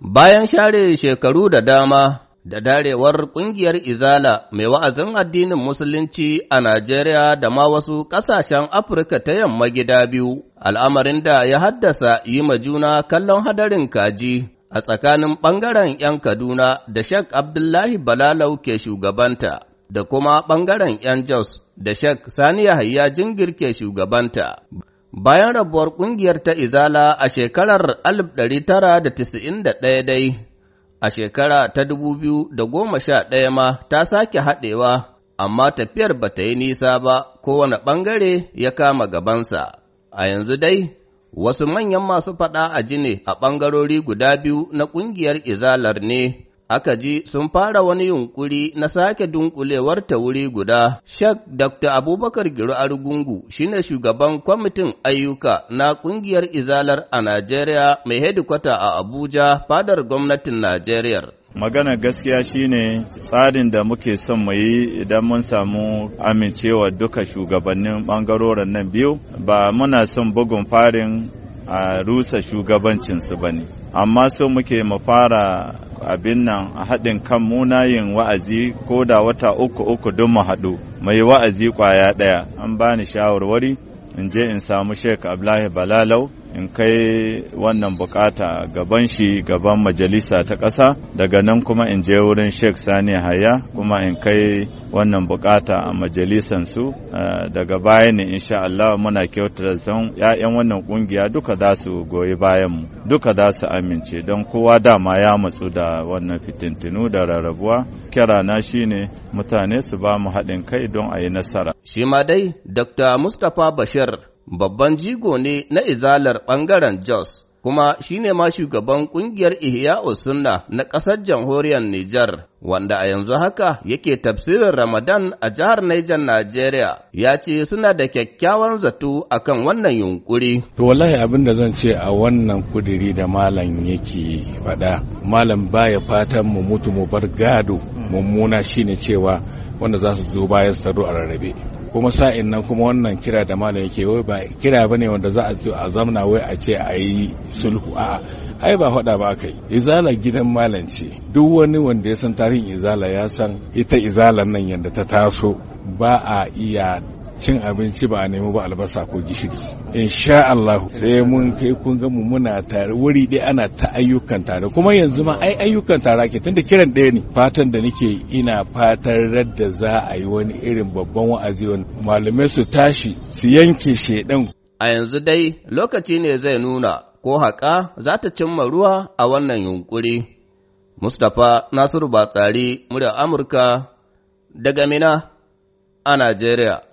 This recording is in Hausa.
Bayan share shekaru da dama da darewar ƙungiyar Izala mai wa'azin addinin Musulunci a Najeriya da ma wasu ƙasashen Afirka ta yamma gida biyu, al'amarin da ya haddasa yi ma juna kallon hadarin kaji a tsakanin ɓangaren ‘yan Kaduna da Sheikh Abdullahi Balalau ke shugabanta, da kuma ɓangaren ‘yan Jos da Sheikh Sani Yahaya jingirke shugabanta. Bayan rabuwar ƙungiyar ta Izala a shekarar 1991 dai, a shekara ta 2011 ma ta sake haɗewa, amma tafiyar ba ta yi nisa ba kowane ɓangare ya kama gabansa. A yanzu dai, wasu manyan masu faɗa a jini a ɓangarori guda biyu na ƙungiyar Izalar ne. aka ji sun fara wani yunkuri na sake dunkulewar ta wuri guda. Shek Dr. Abubakar Giro Argungu shine shugaban kwamitin ayyuka na ƙungiyar Izalar a Najeriya mai hedikwata a Abuja fadar gwamnatin Najeriya. magana gaskiya shine tsarin da muke son mu yi idan mun samu amincewa duka shugabannin bangarorin nan biyu ba muna son bugun farin a rusa shugabancinsu ba ne amma so muke mu fara abin nan a haɗin kan muna yin wa'azi ko da wata uku uku don mu haɗu mai wa'azi kwaya ɗaya an bani shawarwari in je in samu sheik ablahi balalau in kai wannan bukata gaban shi gaban majalisa ta ƙasa daga nan kuma in je wurin sheikh sani haya kuma in kai wannan bukata a majalisan su eh, daga baya ne insha Allah muna kyautar san yayan wannan ƙungiya duka za su goyi bayan mu duka za su amince don kowa dama ya matsu da wannan fitintinu da rarrabuwa kira na shine mutane su ba mu haɗin kai don a yi nasara shi ma dai dr mustapha bashir babban jigo ne na izalar ɓangaren Jos, kuma shi ne ma shugaban ƙungiyar Ihya Sunna na ƙasar jamhuriyar Nijar, wanda a yanzu haka yake tafsirin Ramadan a jihar Nijar Najeriya, ya ce suna da kyakkyawan zato akan wannan yunkuri. To wallahi abin da zan ce a wannan kudiri da malam yake faɗa, malam baya fatan mu mutu mu bar gado, mummuna shine cewa wanda za su zo bayan su a rarrabe kuma sa'in nan kuma wannan kira da malam yake wai ba kira bane wanda za a zo a zamna wai a ce a yi sulhu a'a ai ba faɗa ba kai izala gidan malam ce duk wani wanda ya san tarihin izala ya san ita izalan nan yadda ta taso ba a iya cin abinci ba a nemi ba albasa ko gishiri insha Allah sai mun kai kun ga mu muna tare wuri dai ana ta ayyukan tare kuma yanzu ma ai ayyukan tare ke tunda kiran ɗaya ne fatan da nake ina fatan radda za a yi wani irin babban wa'azi wani malamai su tashi su yanke shedan a yanzu dai lokaci ne zai nuna ko haƙa za ta cimma ruwa a wannan yunƙuri. Mustapha Nasiru Batsari, murya Amurka, daga Mina a Najeriya.